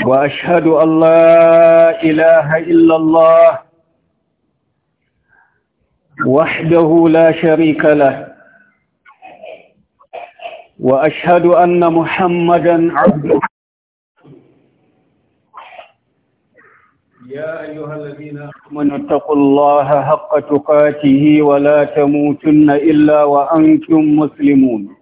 وأشهد أن لا إله إلا الله وحده لا شريك له وأشهد أن محمدا عبده يا أيها الذين آمنوا اتقوا الله حق تقاته ولا تموتن إلا وأنتم مسلمون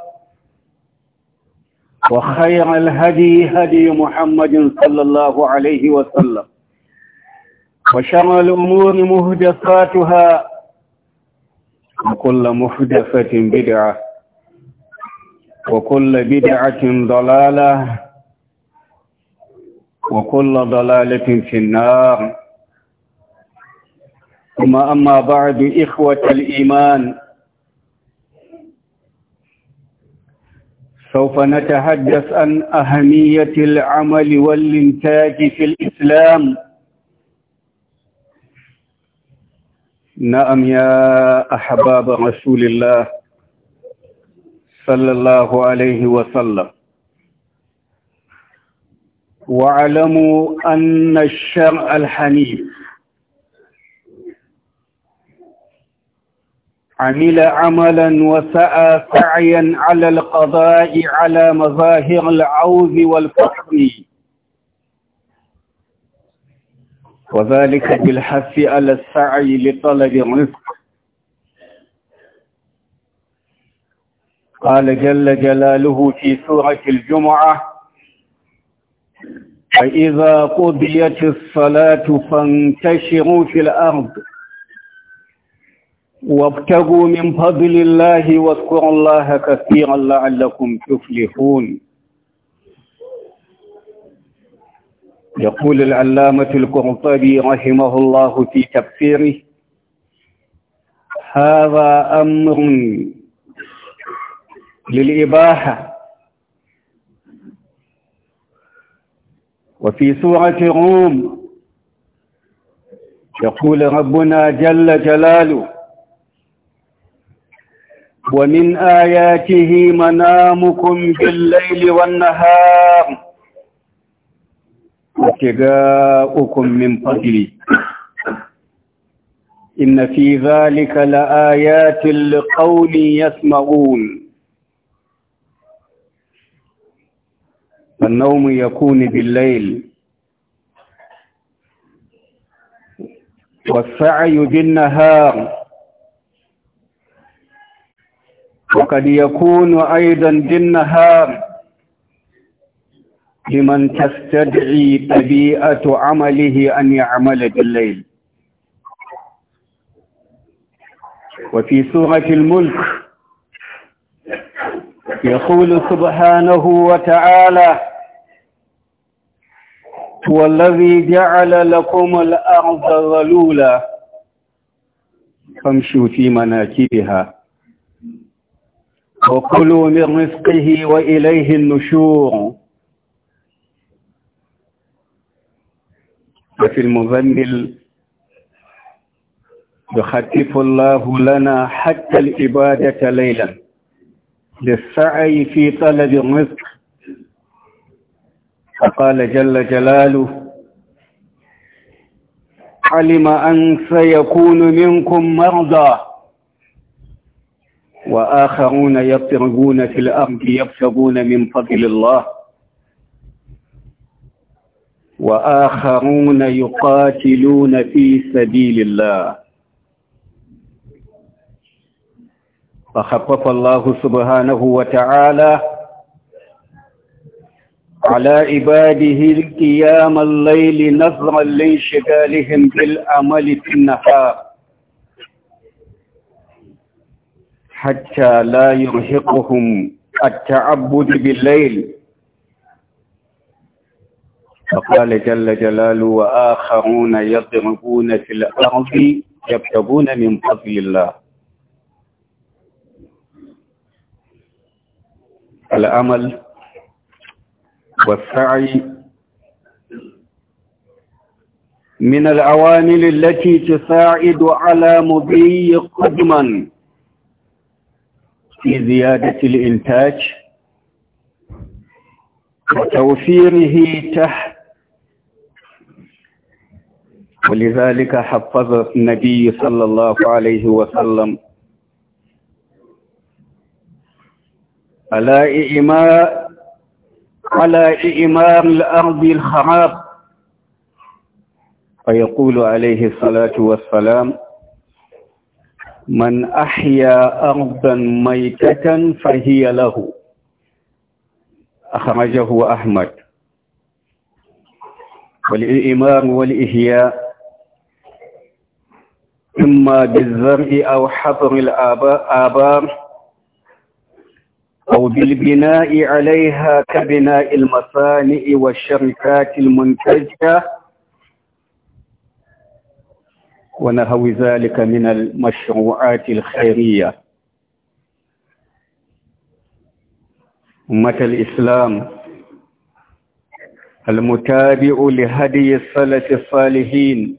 وخير الهدي هدي محمد صلى الله عليه وسلم وشر الأمور مهدساتها وكل مهدسة بدعة وكل بدعة ضلالة وكل ضلالة في النار ثم أما بعد إخوة الإيمان سوف نتحدث عن أهمية العمل والإنتاج في الإسلام نعم يا أحباب رسول الله صلى الله عليه وسلم واعلموا أن الشرع الحنيف عمل عملا وسعى سعيا على القضاء على مظاهر العوز والفقر وذلك بالحث على السعي لطلب الرزق قال جل جلاله في سورة الجمعة فإذا قضيت الصلاة فانتشروا في الأرض وابتغوا من فضل الله واذكروا الله كثيرا لعلكم تفلحون يقول العلامة القرطبي رحمه الله في تفسيره هذا أمر للإباحة وفي سورة روم يقول ربنا جل جلاله ومن آياته منامكم بالليل والنهار وابتغاؤكم من فضله إن في ذلك لآيات لقوم يسمعون فالنوم يكون بالليل والسعي بالنهار وقد يكون أيضا بالنهار لمن تستدعي طبيعة عمله أن يعمل بالليل وفي سورة الملك يقول سبحانه وتعالى هو الذي جعل لكم الأرض ظلولا فامشوا في مناكبها وكلوا من رزقه وإليه النشور وفي المزمل يخفف الله لنا حتى الإبادة ليلا للسعي في طلب الرزق فقال جل جلاله علم أن سيكون منكم مرضى وآخرون يطرقون في الأرض يبتغون من فضل الله وآخرون يقاتلون في سبيل الله فخفف الله سبحانه وتعالى على عباده القيام الليل نظرا لانشغالهم بالعمل في النهار حتى لا يرهقهم التعبد بالليل فقال جل جلاله وآخرون يضربون في الأرض يبتغون من فضل الله الأمل والسعي من العوامل التي تساعد على مضي قدما في زيادة الإنتاج وتوفيره تحت ولذلك حفظ النبي صلى الله عليه وسلم على إمام على إمام الأرض الخراب فيقول عليه الصلاة والسلام من أحيا أرضا ميتة فهي له أخرجه أحمد والإمام والإحياء إما بالزرع أو حفر الآبار أو بالبناء عليها كبناء المصانع والشركات المنتجة ونحو ذلك من المشروعات الخيرية أمة الإسلام المتابع لهدي الصلاه الصالحين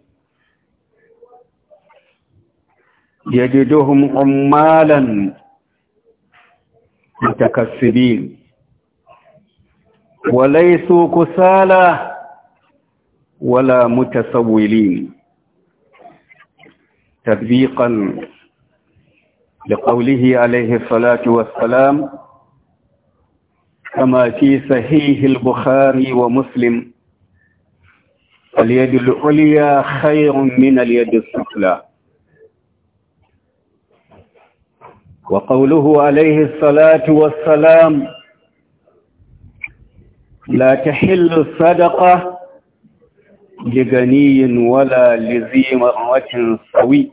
يجدهم عمالا متكسبين وليسوا كسالى ولا متسولين تطبيقا لقوله عليه الصلاة والسلام كما في صحيح البخاري ومسلم اليد العليا خير من اليد السفلى وقوله عليه الصلاة والسلام لا تحل الصدقة لغني ولا لذي مرة سوي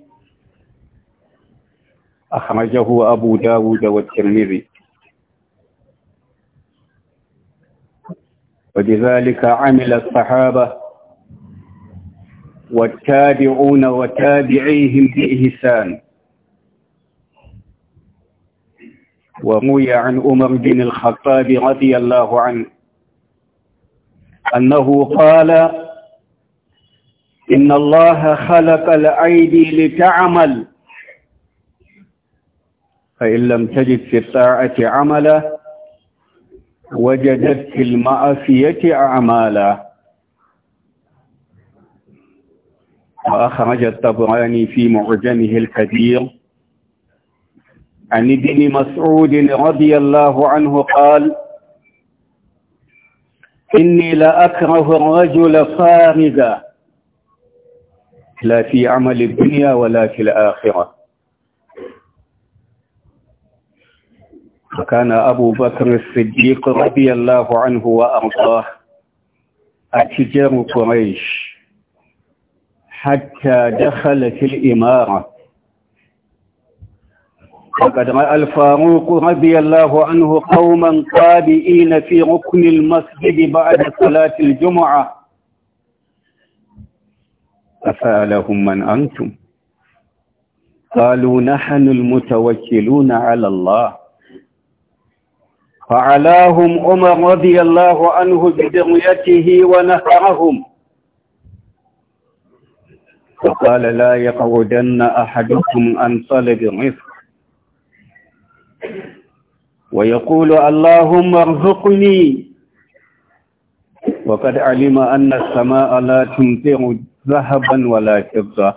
أخرجه أبو داود والترمذي ولذلك عمل الصحابة والتابعون وتابعيهم بإحسان وروي عن عمر بن الخطاب رضي الله عنه أنه قال إن الله خلق الأيدي لتعمل فإن لم تجد في الطاعة عملا وجدت في المعصية أعمالا وأخرج الطبراني في معجمه الكبير عن ابن مسعود رضي الله عنه قال إني لأكره الرجل فارغا لا في عمل الدنيا ولا في الآخرة وكان أبو بكر الصديق رضي الله عنه وأرضاه أتجار قريش حتى دخل في الإمارة وقد رأى الفاروق رضي الله عنه قوما قابئين في ركن المسجد بعد صلاة الجمعة فسألهم من أنتم قالوا نحن المتوكلون على الله فعلاهم عمر رضي الله عنه بدغيته ونفعهم فقال لا يقعدن أحدكم عن صلب مصر ويقول اللهم ارزقني وقد علم أن السماء لا تمطر ذهبا ولا فضة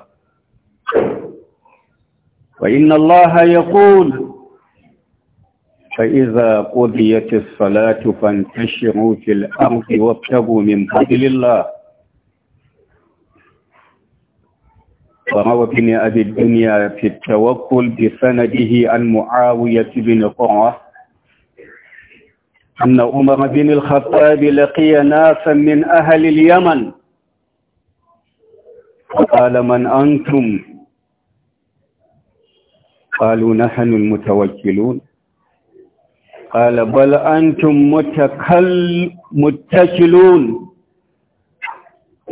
وإن الله يقول فإذا قضيت الصلاة فانتشروا في الأرض وابتغوا من فضل الله وروى ابن أبي الدنيا في التوكل بسنده عن معاوية بن قرة أن عمر بن الخطاب لقي ناسا من أهل اليمن فقال من أنتم قالوا نحن المتوكلون قال بل أنتم متكل متكلون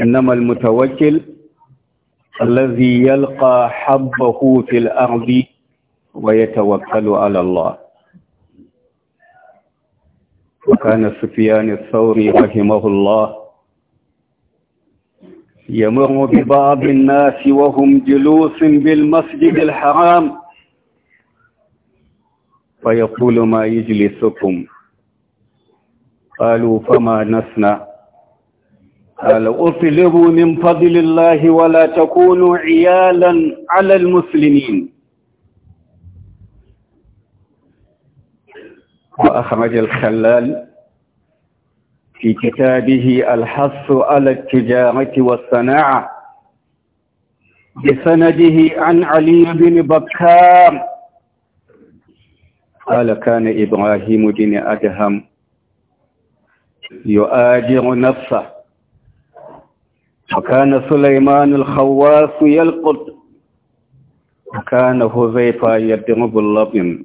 إنما المتوكل الذي يلقى حبه في الأرض ويتوكل على الله وكان سفيان الثوري رحمه الله يمر ببعض الناس وهم جلوس بالمسجد الحرام فيقول ما يجلسكم قالوا فما نسنا قال اطلبوا من فضل الله ولا تكونوا عيالا على المسلمين وأخرج الخلال في كتابه الحص على التجارة والصناعة بسنده عن علي بن بكار قال كان إبراهيم بن أدهم يؤاجر نفسه وكان سليمان الخواف يلقط وكان هزيفا يضرب اللبن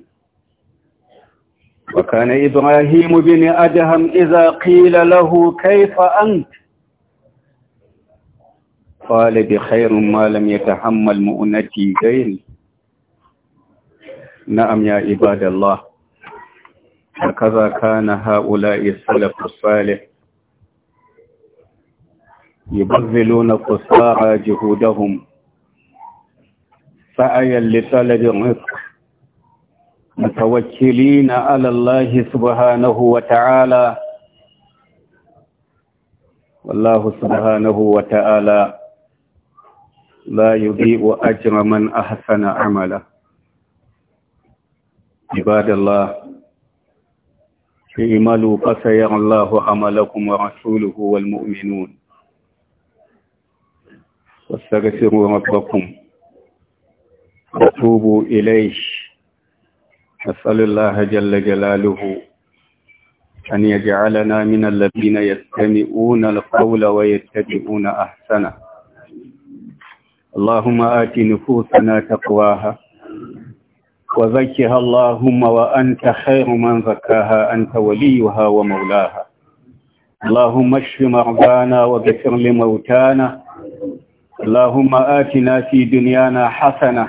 وكان إبراهيم بن أدهم إذا قيل له كيف أنت قال بخير ما لم يتحمل مؤنتي جيل na'am ya ibadallah a kaza kana haula isalafu salih yubazzilu na kusara jihudahun sa'ayen litsalabin rufu matawakili na alallahi subhanahu wa ta'ala wallahu subhanahu wa ta'ala la yubi wa ajiye man ahasana amala amala عباد الله اعملوا فسيرى الله عملكم ورسوله والمؤمنون واستغفروا ربكم وتوبوا إليه نسأل الله جل جلاله أن يجعلنا من الذين يستمعون القول ويتبعون أحسنه اللهم آت نفوسنا تقواها وزكها اللهم وأنت خير من زكاها أنت وليها ومولاها اللهم اشف مرضانا وذكر لموتانا اللهم آتنا في دنيانا حسنة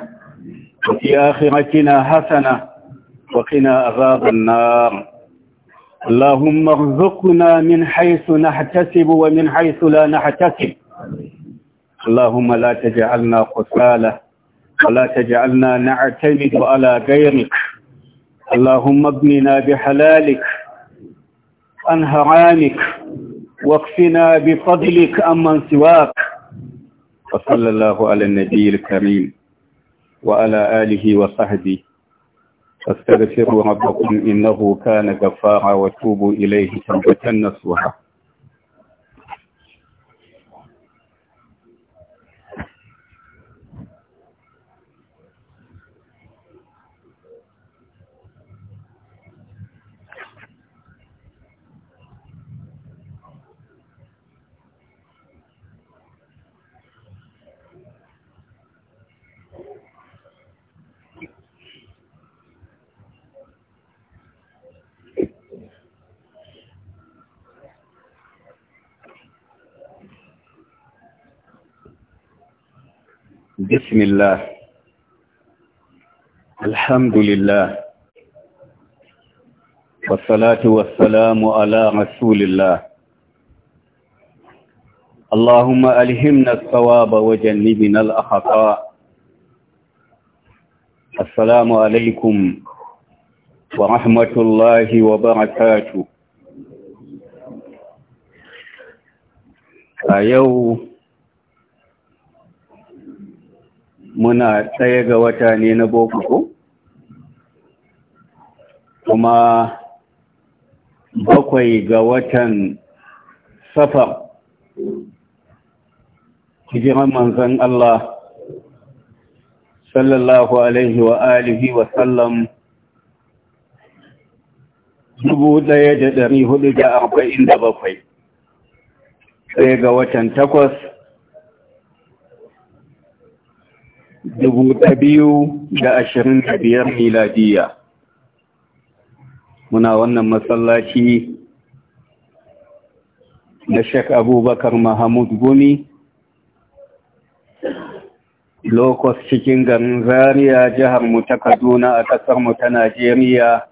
وفي آخرتنا حسنة وقنا عذاب النار اللهم ارزقنا من حيث نحتسب ومن حيث لا نحتسب اللهم لا تجعلنا قسالة ولا تجعلنا نعتمد على غيرك اللهم ابننا بحلالك عن هرامك واكفنا بفضلك عمن سواك وصلى الله على النبي الكريم وعلى آله وصحبه فاستغفروا ربكم إنه كان غفارا وتوبوا إليه توبة نصوحا بسم الله الحمد لله والصلاة والسلام على رسول الله اللهم ألهمنا الصواب وجنبنا الأخطاء السلام عليكم ورحمة الله وبركاته اليوم آه، muna tsaye ga wata ne na boko ko kuma bakwai ga watan safar hijiran manzan Allah sallallahu alaihi wa alihi wa sallam dubu ɗaya da ɗari hudu da arba'in da bakwai ɗaya ga watan takwas dubu biyu da ashirin da biyar miladiya muna wannan masallaci na shek abubakar mahamud gumi lokos cikin garin zaria jihar mu ta kaduna a kasar mu ta najeriya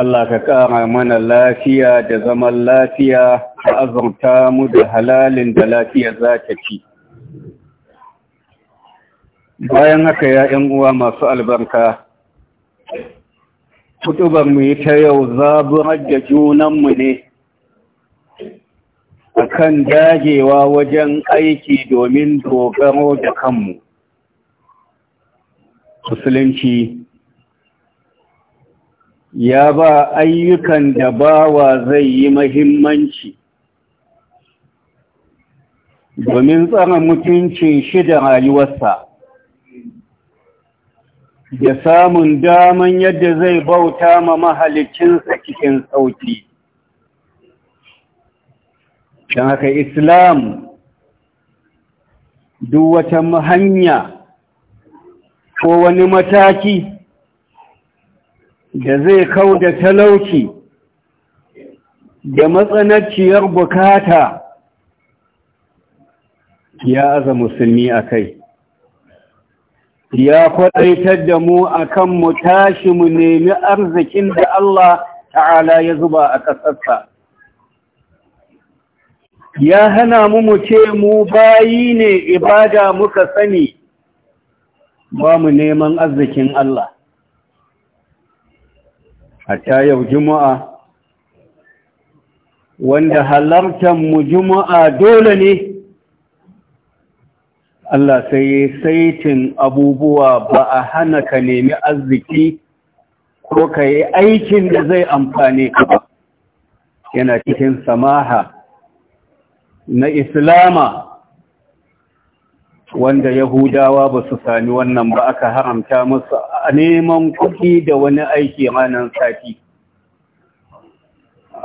Allah ka ƙara mana lafiya da zaman lafiya ka azurta mu da halalin da lafiya za ta ci. bayan haka ya ‘yan uwa masu albarka kutubar mu yi ta yau zaburar da junanmu ne A kan dagewa wajen aiki domin dogaro da kanmu musulunci ya ba ayyukan da bawa zai yi mahimmanci domin tsara mutuncin shi da rayuwarsa da samun daman yadda zai bauta ma mahalicinsa cikin sauki don haka islam duk wata hanya ko wani mataki da zai kau da talauci da matsanaciyar bukata ya aza musulmi a kai ya kwaɗaitar da mu akan mu tashi mu nemi arzikin da Allah ta'ala ya zuba a ƙasarsa ya hana mu mu ce mu bayi ne ibada muka sani ba mu neman arzikin Allah ta yau juma'a wanda halartar mu juma'a dole ne Allah sai saitin abubuwa ba a hana ka nemi arziki ko ka yi aikin da zai amfani ka ba yana cikin samaha na islama wanda yahudawa ba su sami wannan ba aka haramta musu a neman kuɗi da wani aiki ranar sati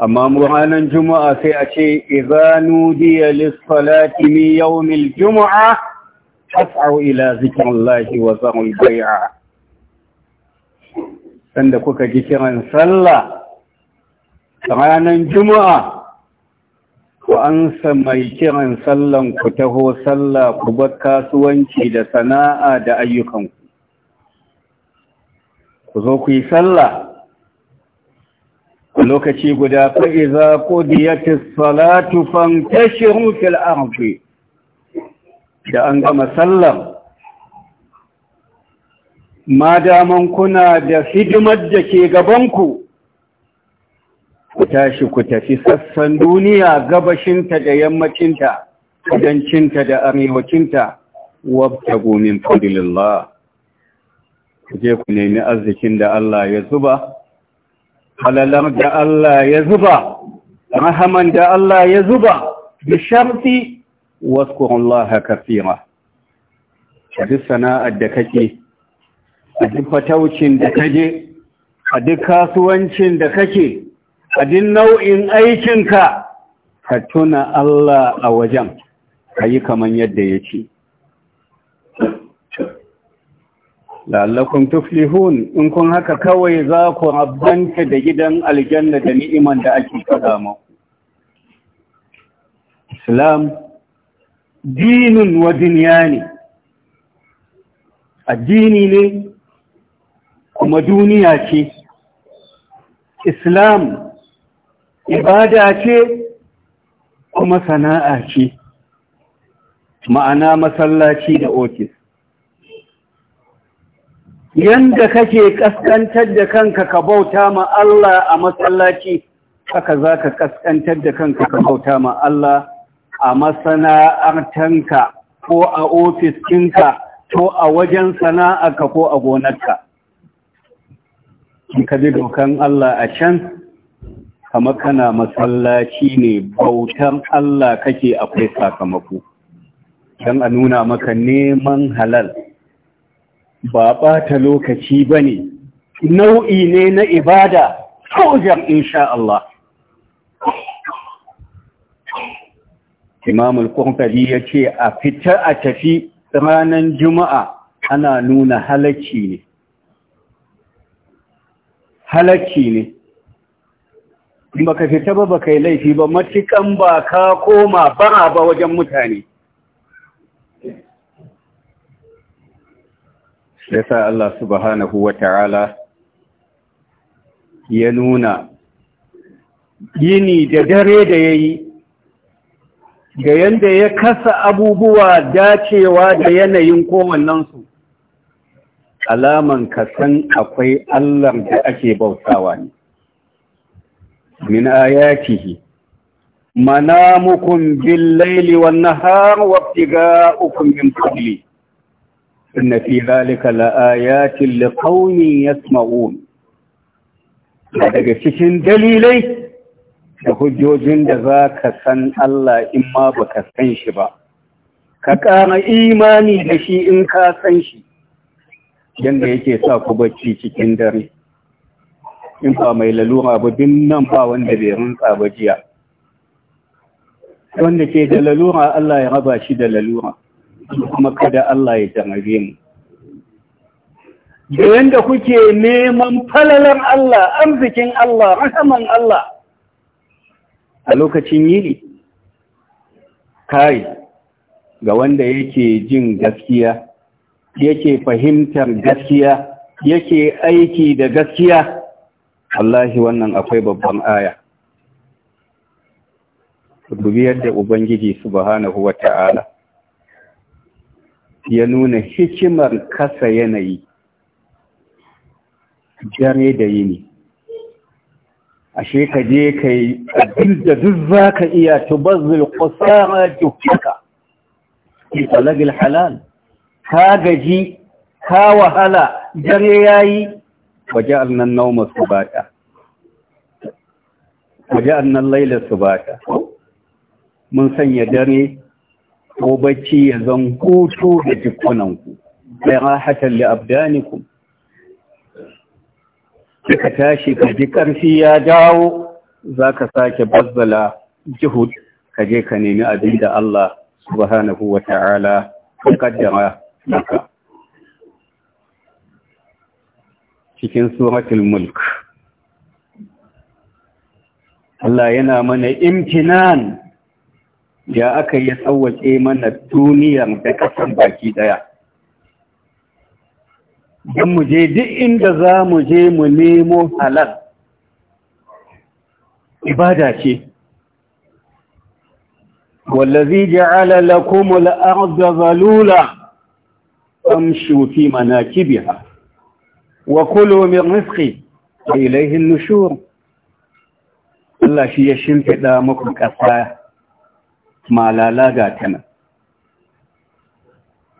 amma ranar juma'a sai a ce Iza diya lissalati yau mil juma'a fas'au ila zikrullahi wa zamul bai'a sanda kuka ji kiran sallah ranar juma'a ku ansa mai kiran sallan ku taho sallah ku bar kasuwanci da sana'a da ayyukanku ku zo ku yi sallah lokaci guda fa'iza ko diyatis salatu fantashiru fil ardi da an gama sallar ma daman kuna da hidimar da ke gabanku ku tashi ku tafi sassan duniya gabashinta da yammacinta kudancinta da arewacinta wabta gomin fadilillah ku je ku nemi arzikin da Allah ya zuba halalar da Allah ya zuba rahaman da Allah ya zuba da sharti waskurun laha kafira a duk sana'ar da kake a duk da kaje a kasuwancin da kake a nau'in aikinka ka tuna Allah a wajen ka yi yadda ya ce la'allakum tuflihun in kun haka kawai za ku rabbanta da gidan aljanna da ni'iman da ake kada muku islam dinin wa duniya ne addini ne kuma duniya ce islam ibada ce kuma sana'a ce ma'ana masallaci da ofis yanda kake kaskantar da kanka ka bauta ma Allah a masallaci haka za ka kaskantar da kanka ka bauta ma Allah a masana'artanka ko a ofis ɗinka ko a wajen sana'arka ko a gonarka in ka bi dokan Allah a can kama kana masallaci ne bautan Allah kake akwai sakamako don a nuna maka neman halal ba ɓata lokaci ba ne nau'i ne na ibada sojan insha Allah imamul al ya ce a fita a tafi ranan juma'a ana nuna halacci ne halacci ne ba baka fita ba baka yi laifi ba matukan ba ka koma bara ba wajen mutane Ya sa Allah subhanahu ta'ala ya nuna Gini da dare da ya yi. ga yanda ya kasa abubuwa dacewa da yanayin kowannensu alaman kasan akwai Allah da ake bautawa ne min ayatihi manamukum bil-laili wan-nahar wabtiga'ukum min fadli inna fi zalika laayatin liqaumin yasma'un daga cikin dalilai da hujjojin da za ka san Allah in ma ba ka san shi ba, ka ƙara imani da shi in ka san shi, yadda yake sa ku bacci cikin dare. In ba mai lalura ba bin nan ba wanda bai rantsa ba jiya. Wanda ke da lalura Allah ya raba shi da lalura, kuma kada Allah ya jarabe mu. Da yadda kuke neman falalar Allah, arzikin Allah, rahaman Allah, a lokacin yini kai ga wanda yake jin gaskiya yake fahimtar gaskiya yake aiki da gaskiya allahi wannan akwai babban aya dubi yadda ubangiji subhanahu wata'ala ya nuna hikimar kasa yanayi dare da yini ashe ka je ka yi abin da duk za ka iya tubazzul kusara juhaka ki talagil halal ka gaji ka wahala dare yi. waje annan nauma su bata, waje annan laila bata, mun sanya dare ko bacci ya zan hutu da jikunanku bai rahatan li abdanikum kika tashi ka ji ƙarfi ya dawo za ka sake bazzala jihud ka je ka nemi abin da Allah subhanahu wa ta'ala ya kaddama maka cikin suratul mulk Allah yana mana imtinan ya aka yi tsawace mana duniyar da kasan baki daya don mu je duk inda za mu je mu nemo halal ibada ce wallazi ja'ala lakum al-ardha zalula amshu fi manakibiha wa kulu min rizqi ilayhi an-nushur Allah shi ya shimfida muku ƙasa malala ga tana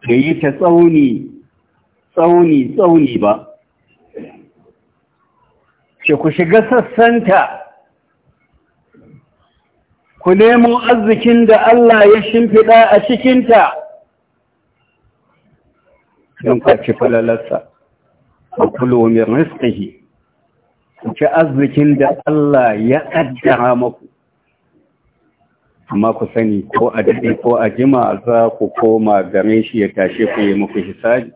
yayi ta tsauni tsauni tsauni ba ce ku shiga sassanta ku nemo arzikin da Allah ya shimfiɗa a cikinta don kwaci falalarsa a kulomin riskihi ku ci arzikin da Allah ya ƙaddara maku amma ku sani ko a daɗe ko a jima za ku koma gare shi ya tashe ku yi muku hisabi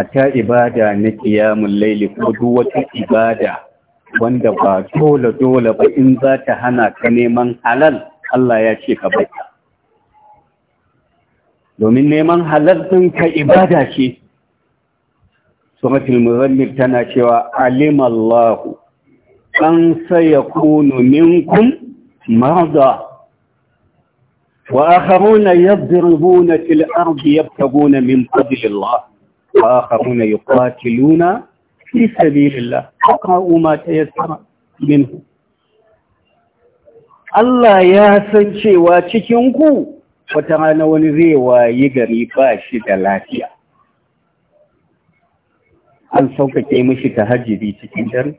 hatta ibada na kiyamun laili ko duk wata ibada wanda ba dole dole ba in za ta hana ka neman halal Allah ya ce ka baita domin neman halal din ka ibada ce suratul muzammil tana cewa alimallahu an sayakunu minkum marda وآخرون يضربون في الأرض يبتغون من فضل الله وآخرون يقاتلون في سبيل الله فقرأوا ما تيسر منه Allah ya san cewa cikinku wata rana wani zai wayi gari ba shi da lafiya. An sauƙaƙe mishi ta hajjiri cikin dare.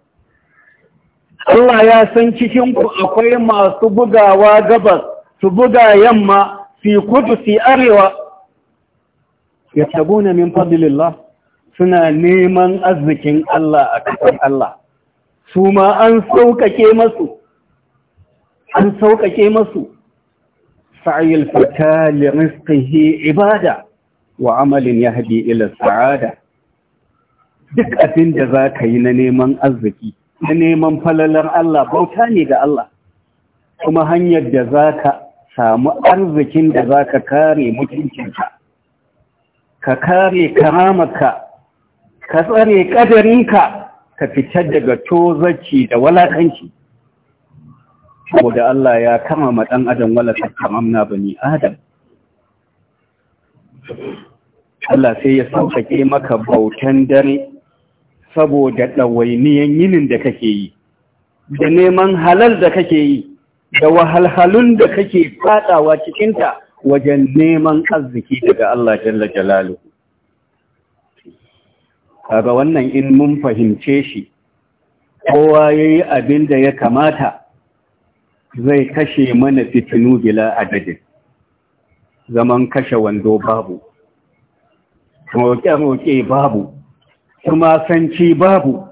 Allah ya san cikinku akwai masu bugawa gabas, su buga yamma, fi kudu, fi arewa, yattabuna min fadlillah suna neman arzikin Allah a kasar Allah su ma an sauƙaƙe masu an sauƙaƙe masu sa'ayil fata li rizqihi ibada wa amalin yahdi ila sa'ada duk abin da za ka yi na neman arziki na neman falalar Allah bauta ne ga Allah kuma hanyar da za ka samu arzikin da za ka kare mutuncinka ka kare karamarka ka tsare ƙadarinka ka fitar daga tozarci da walakanci saboda Allah ya kama matsan adam walakar kamamna bani adam Allah sai ya sauƙaƙe maka bautan dare saboda ɗawainiyan yinin da kake yi da neman halal da kake yi da wahalhalun da kake faɗawa cikinta wajen neman arziki daga Allah jalla jalalu kaga wannan in mun fahimce shi kowa ya yi abin da ya kamata zai kashe mana fitinu bila adadin zaman kashe wando babu roƙe-roƙe babu kuma sanci babu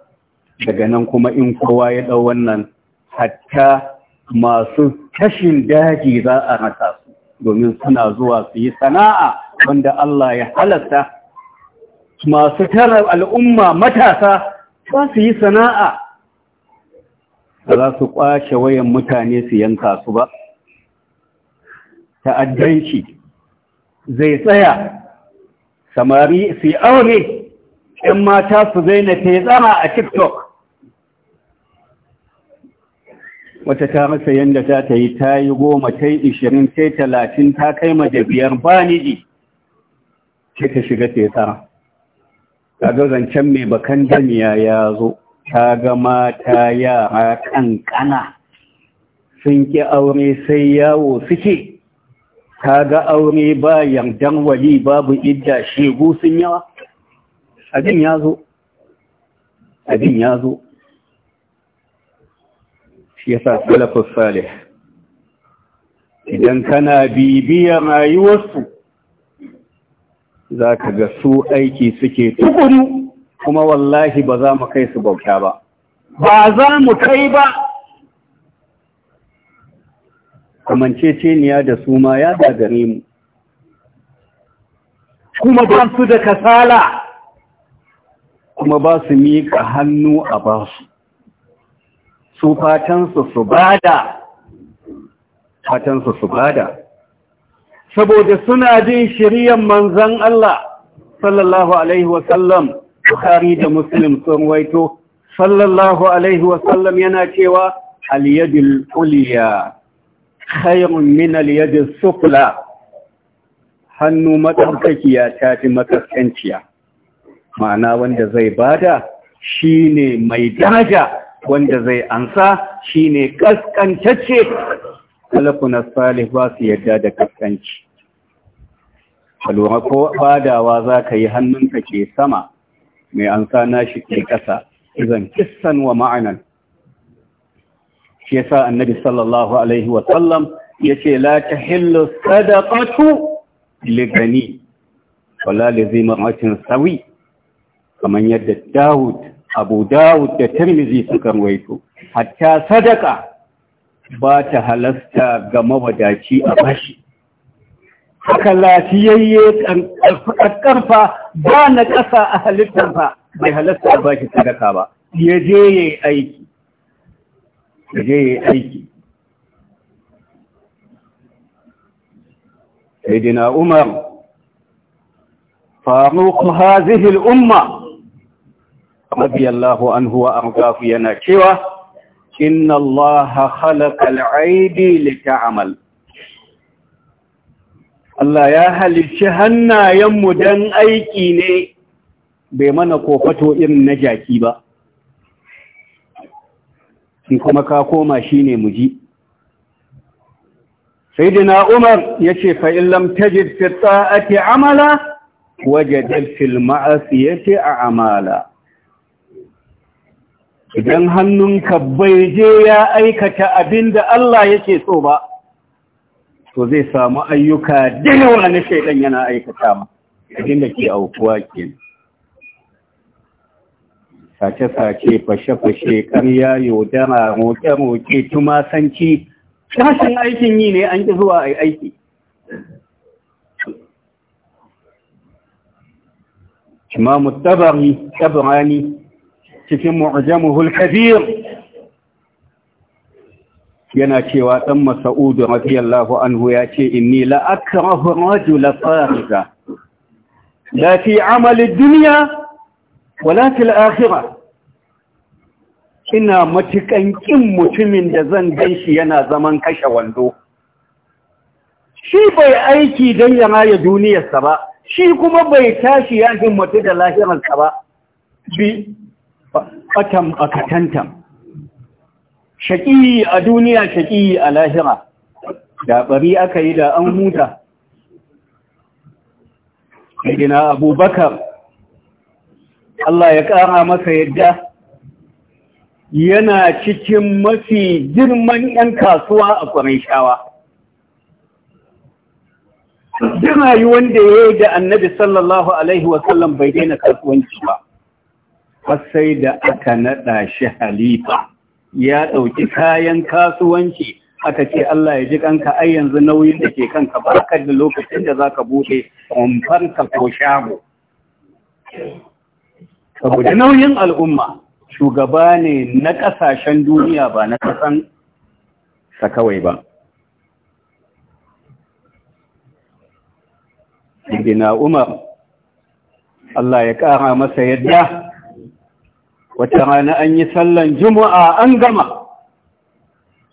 daga nan kuma in kowa ya ɗau wannan hatta masu kashin daji za a rasa domin suna zuwa su yi sana'a wanda Allah ya halatta masu tara al'umma matasa ba su yi sana'a ba za su kwashe wayan mutane su yanka su ba ta'addanci zai tsaya samari su yi aure ‘yan mata su zaina na a tiktok wata ta rasa yadda za ta yi ta yi goma ta yi ishirin ta yi talatin ta kai da biyar ba niji ce ta shiga tesa ta ga zancen mai bakan damiya ya zo ta ga mata yara kankana sun ƙi aure sai yawo suke ta ga aure ba yardan wali babu idda shegu sun yawa abin ya zo abin ya zo shi yasa salafus salih idan kana bibiya rayuwarsu za ka ga su aiki suke tukuru kuma wallahi ba za mu kai su bauta ba ba za mu kai ba kamanceceniya da su ma ya gagare mu kuma ba su da kasala kuma ba su miƙa hannu a basu su fatansu su bada fatansu su bada saboda suna jin shiriyan manzan Allah sallallahu alaihi wasallam Bukhari da Muslim sun waito sallallahu alaihi wasallam yana cewa al-yadul ulya khayrun min al-yadis sufla hannu matsarkakiya ta fi makaskanciya ma'ana wanda zai bada shine mai daraja wanda zai ansa shine kaskantacce salafuna salih ba su yadda da kaskanci kalwa ko fadawa za ka yi hannunka ke sama mai ansa na shi ke ƙasa izan kissan wa ma'anan shi yasa annabi sallallahu alaihi wa sallam yace la tahillu sadaƙatu ligani gani wala li zimratin sawi kaman yadda Dawud abu dawud da tirmizi suka ruwaito hatta sadaka ba ta halasta ga mawadaci a bashi haka lafiyayye ƙarfa ba na ƙasa a ba bai halasta ba shi sadaka ba ya je ya yi aiki ya je ya yi aiki Sayyidina Umar, faruk hazihil al'umma radiyallahu anhu wa amgafu yana cewa inna allaha khalaqal aidi lita'amal Allah ya halicci hannayenmu don aiki ne bai mana kofato irin na jaki ba in kuma ka koma shine muji sayyidina Umar ya fa in lam tajid fi ta'ati amala wajadal fil ma'asiyati a'mala idan hannunka bai je ya aikata abin da Allah yake so ba to zai samu ayyuka da yawa na shaidan yana aikata ma abin da ke aukuwa ke sace-sace fashe-fashe karya yaudara roke-roke tumasanci rashin aikin yi ne an ƙi zuwa a aiki imamu tabari tabarani cikin mu'jamuhul kabir yana cewa dan mas'ud radiyallahu anhu ya ce inni la akrahu rajula fariga la fi amali dunya wala fil akhirah ina matukan kin mutumin da zan ganshi yana zaman kashe wando shi bai aiki don ya maye duniyarsa ba shi kuma bai tashi ya himmatu da lahirarsa ba a akatantan shaƙi a duniya shaƙi a lahira da ɓari aka yi da an huta Sayyidina Abubakar Allah ya ƙara masa yadda yana cikin mafi girman 'yan kasuwa a ƙwarishawa. Duk rayuwan da ya yi da annabi sallallahu Alaihi wasallam bai daina kasuwanci ba. har da aka naɗa shi halifa ya ɗauki kayan kasuwanci aka ce Allah ya ji kanka ai yanzu nauyin da ke kanka barkar da lokacin da zaka bude ka ko shago saboda nauyin al'umma shugaba ne na ƙasashen duniya ba na kasan sa kawai ba Ibn Umar Allah ya ƙara masa yadda wata rana an yi sallan juma'a an gama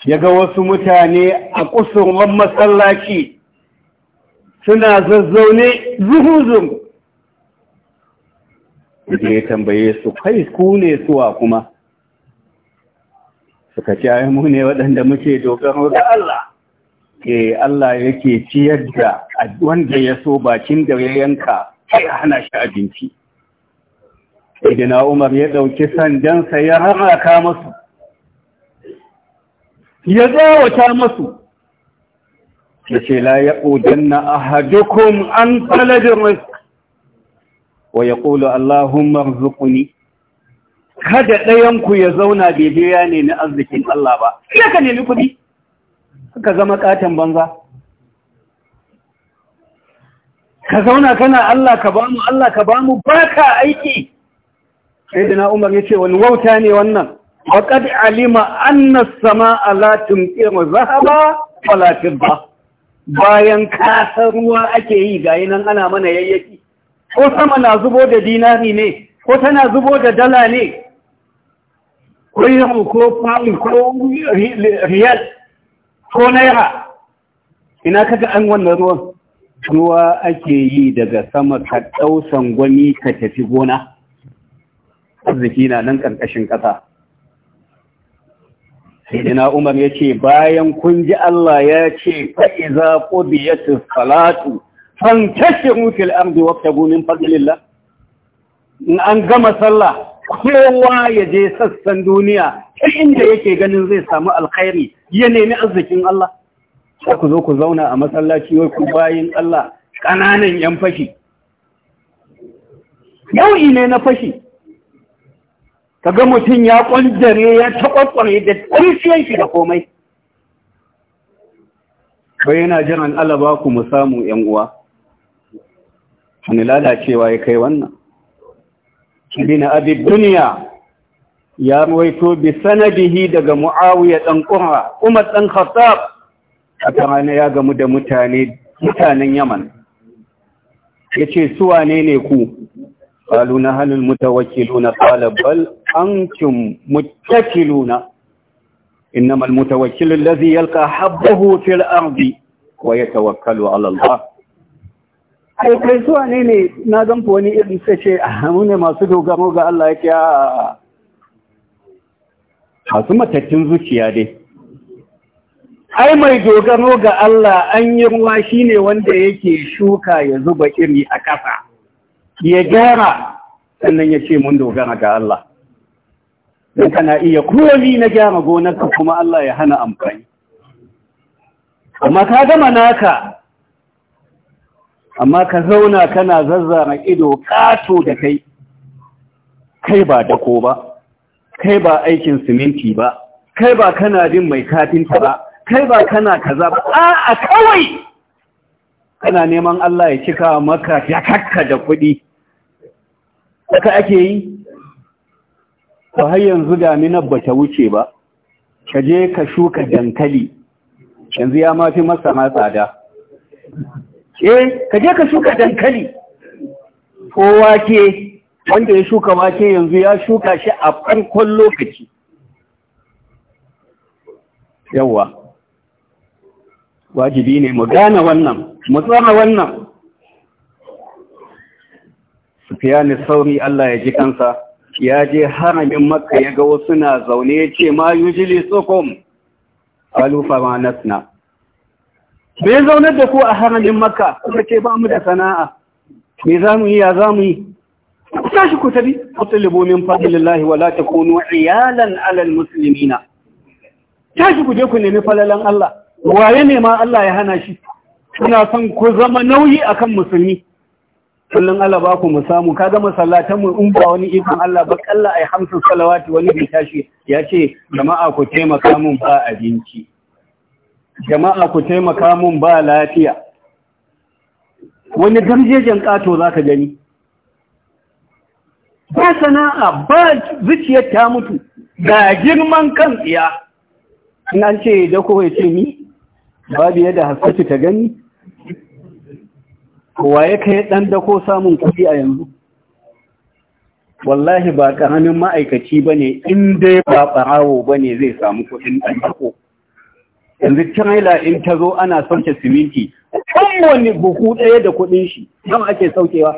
ya ga wasu mutane a kusurwan masallaci suna zazzaune zuhuzun da ya tambaye su kai ku ne suwa kuma suka ci mu ne waɗanda muke dogaro da Allah ke eh, Allah yake ciyar da wanda ya so bakin da ya yanka sai hana shi abinci idina Umar ya ɗauki sandansa ya haraka masu, ya zawata masu, ya ce la ya na a hajjukun an tsaladin risk, wa ya ƙulu Allahumma zukuni, kada ɗayanku ya zauna bebeya ne na arzikin Allah ba, ya ka nemi kudi ka zama ƙaton banza. Ka zauna kana Allah ka bamu, Allah ka bamu, ba ka aiki. sayyidina umar ya ce wani wauta ne wannan faqad alima anna samaa la tumqiru zahaba wala fidda bayan kasar ruwa ake yi gayi nan ana mana yayyaki ko sama na zubo da dinari ne ko tana zubo da dala ne ko yau ko fa'in ko riyal ko naira ina kaga an wannan ruwan ruwa ake yi daga sama ka ɗausan gwani ka tafi gona arziki na nan ƙarƙashin ƙasa Sayyidina Umar ya ce, Bayan kun ji Allah ya ce, fa'iza ƙudiyatu salatu, fantashe rufin arzi wata gumin fadlillah. In an gama sallah, kowa ya je sassan duniya, ta inda yake ganin zai samu alkhairi, ya nemi arzikin Allah. Sa ku zo ku zauna a masallaci wai ku bayin Allah, ƙananan ‘yan fashi. Yau'i ne na fashi, ka ga mutum ya ƙwanjare ya taƙwaƙware da ƙarfiyar shi da komai Kai yana jiran alaba ku mu samu ‘yan uwa hannu lalacewa ya kai wannan bin abi duniya ya ruwaito bi sanadihi daga mu'awiyar ɗan ƙura umar ɗan khattab a tarana ya gamu da mutanen yaman ya ce suwa ne ne ku قالوا نحن المتوكلون قال بل أنتم متكلون إنما المتوكل الذي يلقى حبه في الأرض ويتوكل على الله ai kai zuwa ne ne na zanfa wani irin sai a mu masu dogaro ga Allah yake a masu matattun zuciya dai ai mai dogaro ga Allah an ruwa shine wanda yake shuka ya zuba iri a ƙasa ya gyara sannan ya ce mun dogara ga Allah don kana iya koli na gyara gonarka kuma Allah ya hana amfani amma ka gama naka amma ka zauna kana zazzara ido kato da kai kai ba dako ba kai ba aikin siminti ba kai ba kana jin mai kafinta ba kai ba kana kaza ba a kawai kana neman Allah ya cika maka jakakka da kuɗi haka ake yi to har yanzu daminar ba ta wuce ba ka je ka shuka dankali yanzu ya mafi masa matsada. tsada eh ka je ka shuka dankali ko wake wanda ya shuka wake yanzu ya shuka shi a farkon lokaci Yawwa, wajibi ne mu gane wannan mu tsara wannan Sufiyani Sauri Allah ya ji kansa ya je haramin Makka ya ga wasu na zaune ya ce ma yujili sukum qalu fa ma nasna me zaunar da ku a haramin Makka kuma ce ba mu da sana'a me za mu yi ya za mu yi ku tashi ku tabi utlubu min fadlillahi wa la takunu iyalan alal na. tashi ku je ku nemi falalan Allah waye ne ma Allah ya hana shi kuna son ku zama nauyi akan musulmi kullum Allah ba ku mu samu kaga masallatan mu in ba wani ikon Allah ba kalla ai hamsin salawati wani bai tashi ya ce jama'a ku taimaka mun ba abinci jama'a ku taimaka mun ba lafiya wani gamjejen kato zaka gani ba sana'a ba zuciyar ta mutu ga girman kan tsiya in an ce da ko ya ce ni babu yadda hasashi ta gani kowa ya kai ɗan samun kuɗi a yanzu wallahi ba ƙaramin ma'aikaci ba ne ya ba ɓarawo ba ne zai samu kuɗin ɗan yanzu china in ta zo ana sauke siminti wani buhu ɗaya da kuɗin shi don ake saukewa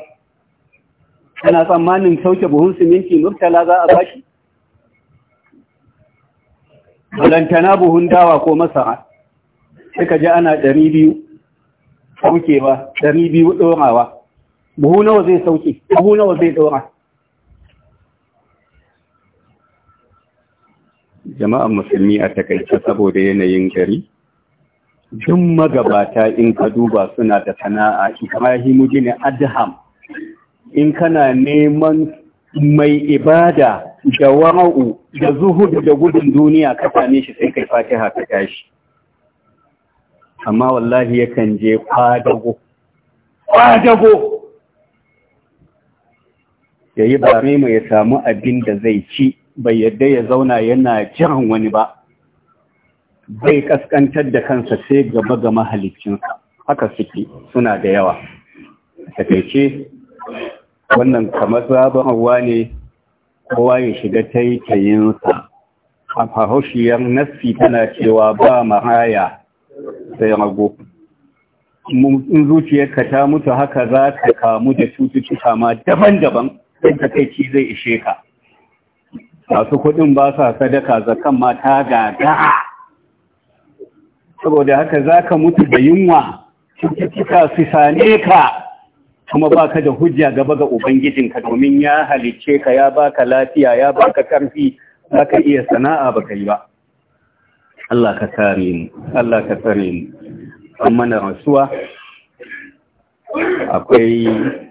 ana tsammanin sauke buhun siminti murtala za a bashi balantana buhun dawa ko masara suka ji ana ɗari biyu sauke ba ɗari biyu ɗorawa buhu nawa zai sauke buhu nawa zai ɗora jama'an musulmi a takaice saboda yanayin gari duk magabata in ka duba suna da sana'a ibrahimu gini adham in kana neman mai ibada da wara'u da zuhudu da gudun duniya ka same shi sai kai fatiha ka tashi amma wallahi yakan je kwadago kwadago ya yi barima ya samu abin da zai ci bai yadda ya zauna yana jiran wani ba bai kaskantar da kansa sai gaba ga mahalicinsa haka suke suna da yawa takaice wannan kamar abuwa ne kowa ya shiga taitayinsa a fahoshiyar nassi tana cewa ba mahaya sai rago in zuciyarka ta mutu haka za ka kamu da cututtuka ma daban-daban sai ka kai zai ishe ka masu kuɗin ba sa sadaka zakan mata ta gaga saboda haka za ka mutu da yunwa cututtuka su sane ka kuma ba ka da hujja gaba ga ubangijinka domin ya halicce ka ya baka lafiya ya baka karfi za ka iya sana'a ba ka yi ba Allah ka kare mu Allah ka tsare mu an mana rasuwa akwai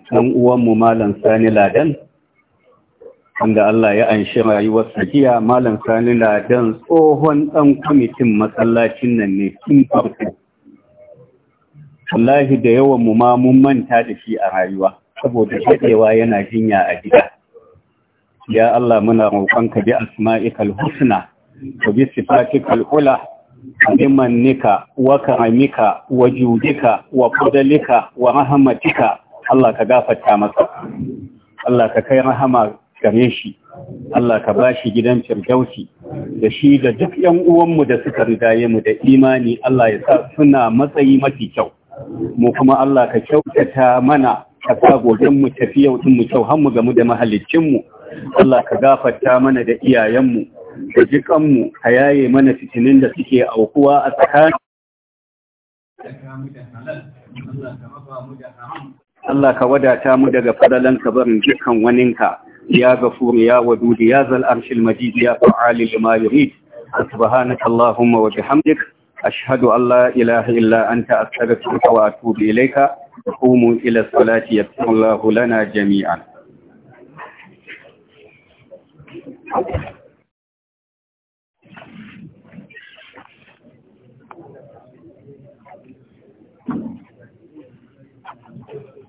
ɗan uwanmu malam sani ladan wanda Allah ya anshi rayuwar sajiya malam sani ladan tsohon ɗan kwamitin matsalacin nan ne tun farko wallahi da yawan mu ma mun manta da shi a rayuwa saboda shaɗewa yana jinya a gida ya Allah muna roƙonka bi asma'ikal husna وبصفاتك wa بمنك wa rahamatika Allah ka gafata masa. Allah ka kai rahama gare shi Allah ka bashi gidan firdausi da shi da duk yan uwanmu da suka ridaye mu da imani Allah ya sa suna matsayi mafi kyau mu kuma Allah ka kyautata mana ka sa goben mu tafi yau mu kyau har mu gamu da mahaliccin mu Allah ka gafarta mana da iyayen mu da jikanmu a yaye mana fitinin da suke aukuwa a tsakanin Allah ka wadata mu daga fadalan kabarin dukkan waninka ya gafuru ya wadudu ya zal arshil majid ya fa'ali lima yurid subhanaka allahumma wa bihamdik ashhadu an la ilaha illa anta astaghfiruka wa atubu ilayka qumu ila salati yaghfirullahu lana jami'an Thank you.